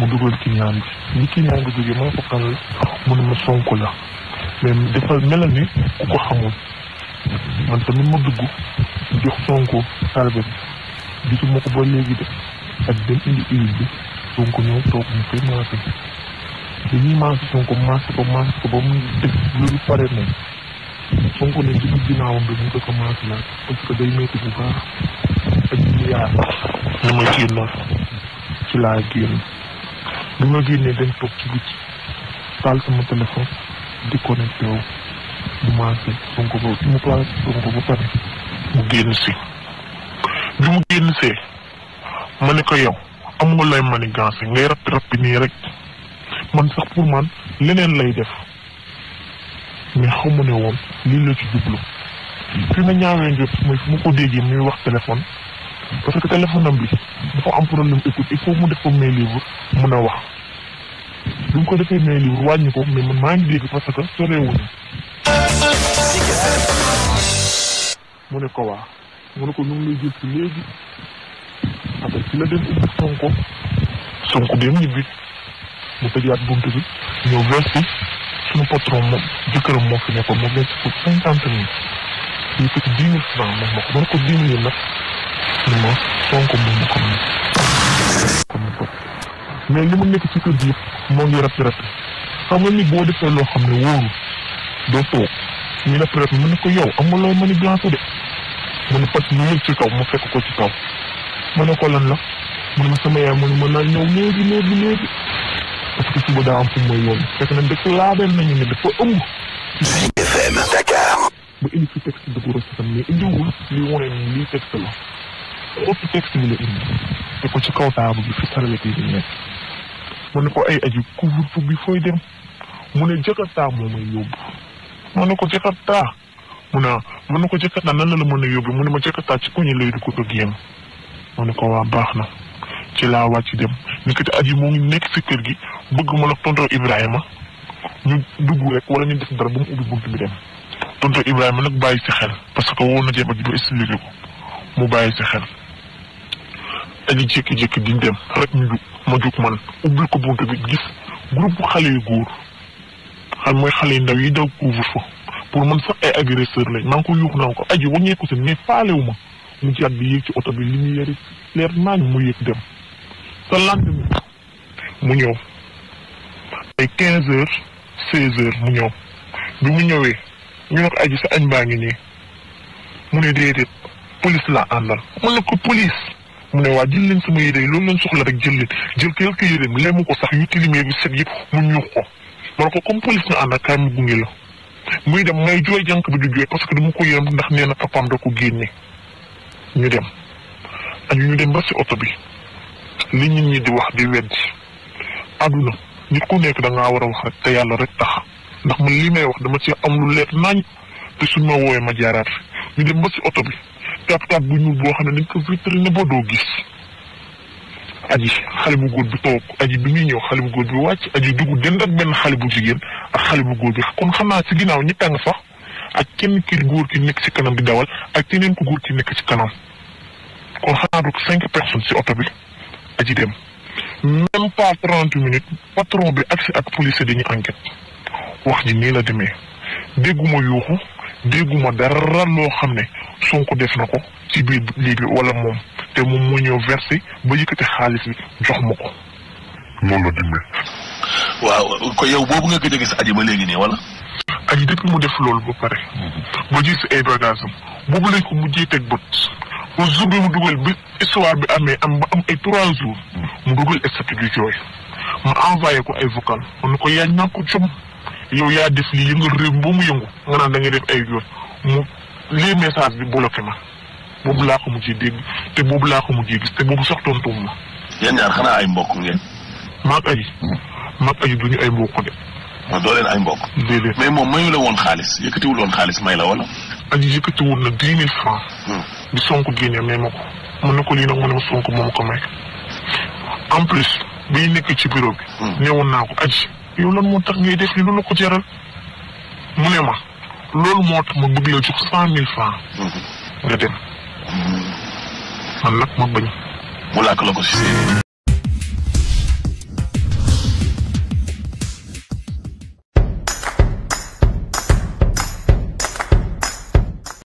mu dugal client bi li client bi ko xaral mu ne ma sonk la mais defal melal ni ku ko xamul man tamit ma dugg jox sonko salbe bi gisuma ko ba léegi de ak dem indi huile bi sonko ñëw toog mu koy maase dañuy maase sonko ba mu def ko ko maase parce que day métti bu baax ak ñu yaar ñu ma génnoon ci laa génn bi ma génnee dañ toog ci biti taal sama téléphone déconnecté wu mu maase Sonko ba mu pare mu génn si bi mu génn see ma ne ko yow am nga lay manigancé ngay rappi rappi nii rek man sax pour man leneen lay def mais xamu ne woon lii la ci jublu fi ma ñaawee njot mooy fu ma ko déggee muy wax téléphone parce que téléphone am bi dafa am problème écoute il faut mu def ko may livre mën a wax bi mu ko defee may livre wàññi ko mais maa ngi dégg parce que sorewuñu mu ne ko waa mu ne ko ñu ngi lay jël si léegi après ci la dem ubbi Sonko Sonko dem ñibbi mu tëjaat bunt bi ñëw versi suñu patron moom jëkkëram moo fi nekkoon moom leen ci cinquante mille yëkkati dix mille francs moom ma ko mën ko nag effectivement Sonko moom ko mën ko mën ko mais mu nekk ci kër gi yëpp moo ngi rafet rafet xam nga ni boo defee loo xam ne wóoru doo ñu rafet rafet ko yow amul loo mën a glancé de mu ne pat mu yëg ci kaw mu fekk ko ci kaw mu ne ko lan la mu ne ma sama yaay mu ne ma naa ñëw léegi léegi léegi parce que suba daa am fu mooy yoon fekk na dëkk laabeel nañu ne dafa ëmb FM Dakar ba indi fi texte de am mais indiwul li wone ni lii texte la lépp texte bi ko ci kaw taabu bi fi saralati mu ne ko ay aji couvre-feu bi fooy dem mu ne Jakarta moo may yóbbu mu ne ko Jakarta mu ne mu ne ko Jakarta nan la la mën a yóbbu mu ne ma Jakarta ci koñi lay du ko dog yem mu ne ko waa baax na ci laa wàcc dem ni ko te aji moo ngi nekk si kër gi bëgg ma la tonton Ibrahima ñu dugg rek wala ñu def dara ba mu ubbi bunt bi dem tonton Ibrahima nag bàyyi si xel parce que woo na jéem a ji ba expliqué ko mu bàyyi si xel dañu jékki-jékki di dem rek ñu ma jóg man ubbil ko buntu bi gis groupe xale yu góor xam mooy xale yu ndaw yi daw couvre-feu pour man sax ay agresseur lañ maa ngi ko yuux naa ko aji waññeeku si mu bi ci oto bi mu yéeg dem sa lendemain mu ñëw ay quinze heures seize heures mu ñëw bi mu ñëwee ñu ne ko aji sa añ baa ngi nii mu ne déedéet police laa àndal mu ne ko police mu ne waa jël leen sama yére yi loolu leen soxla rek jël leen jël quelque yéreem lemu ko sax yu tilimee bi set yëpp mu ñuux ko ma ne ko comme police nga ak kaay mu la muy dem ngay jooy jànk bi du parce que dama ko yërëm ndax nee na papaam ko génne ñu dem añu ñu dem ba ci oto bi li nit ñi di wax di weddi àdduna nit ku nekk da war a wax rek te yàlla rek tax ndax man lii may wax dama ci am lu leer nañ te suñ ma woowee ma jaaraat ñu dem ba si oto bi tap-tap bu ñuul boo xam ne dañ ko vitrine ba doo gis aji xale bu góor bi toog aji bi muy ñëw xale bu góor bi wàcc aji dugg dend ak benn xale bu jigéen ak xale bu góor bi kon xam naa si ginnaaw ñi tàng sax ak kenn kiir góor ki nekk ci kanam di dawal ak keneen ku góor ki nekk si kanam kon xanaa du cinq personnes ci oto bi aji dem même pas trente minutes patron bi agsi ak police dañuy enquête wax ji nii la demee dégguma yuuxu dégguma dara loo xam ne Sonko def na ko ci biir lii bi wala moom te moom mu ñëw versé ba yëkkati xaalis bi jox ma ko. noonu la dimbali. waaw ko yow boobu nga gëj a gis aji ba léegi nii wala. aji depuis mu def loolu ba pare. ba gis ay bagages am boobu lañ ko mujjee teg bët. ba jour bi mu dugal bi histoire bi amee am ba am ay trois jours. mu dugal statut du jooy. ma envoyé ko ay vocal. kon ko yaa ñu ko yow yaa def lii yëngal réew mi ba mu yëngu nga naan da ngay def ay yoon mu lii message bi bloqué ma boobu laa ko mujjee dégg te boobu laa ko mujjee gis te boobu sax tontuwul ma. yéen ñaar xanaa ay mbokk ngeen. maag aji. Hmm. maag aji duñu ay mbokk de. waaw doo leen ay mbokk. déedéet mais moom mayu la woon xaalis yëkkatiwul woon xaalis may la wala. aji yëkkatiwul na dix mille francs. Hmm. sonk Sonko génnee may ma ko. mën na ko lii nag mën na ma Sonko moom ko may. en plus biy nekk ci bureau bi. Hmm. naa ko aji. yow lan moo tax ngay def li lu la jaral mu ne ma loolu moo ma bëgg la jox cent mille franc mm-hmm. nga dem mm-hmm. man nag ma bañ mu làkk la ko si